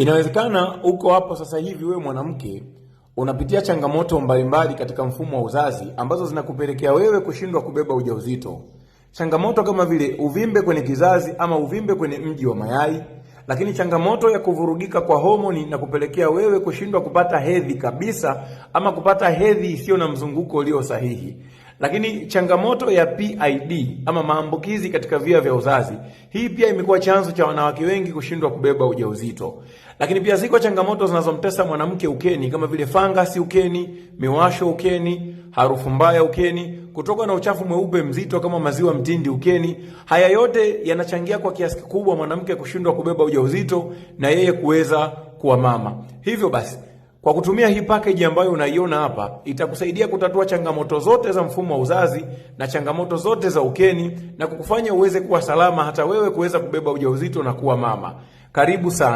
Inawezekana uko hapo sasa hivi, wewe mwanamke unapitia changamoto mbalimbali katika mfumo wa uzazi ambazo zinakupelekea wewe kushindwa kubeba ujauzito. Changamoto kama vile uvimbe kwenye kizazi ama uvimbe kwenye mji wa mayai, lakini changamoto ya kuvurugika kwa homoni na kupelekea wewe kushindwa kupata hedhi kabisa ama kupata hedhi isiyo na mzunguko ulio sahihi. Lakini changamoto ya PID ama maambukizi katika via vya uzazi, hii pia imekuwa chanzo cha wanawake wengi kushindwa kubeba ujauzito. Lakini pia ziko changamoto zinazomtesa mwanamke ukeni kama vile fangasi ukeni, miwasho ukeni, harufu mbaya ukeni, kutoka na uchafu mweupe mzito kama maziwa mtindi ukeni. Haya yote yanachangia kwa kiasi kikubwa mwanamke kushindwa kubeba ujauzito na yeye kuweza kuwa mama. Hivyo basi kwa kutumia hii package ambayo unaiona hapa, itakusaidia kutatua changamoto zote za mfumo wa uzazi na changamoto zote za ukeni na kukufanya uweze kuwa salama hata wewe kuweza kubeba ujauzito na kuwa mama. Karibu sana.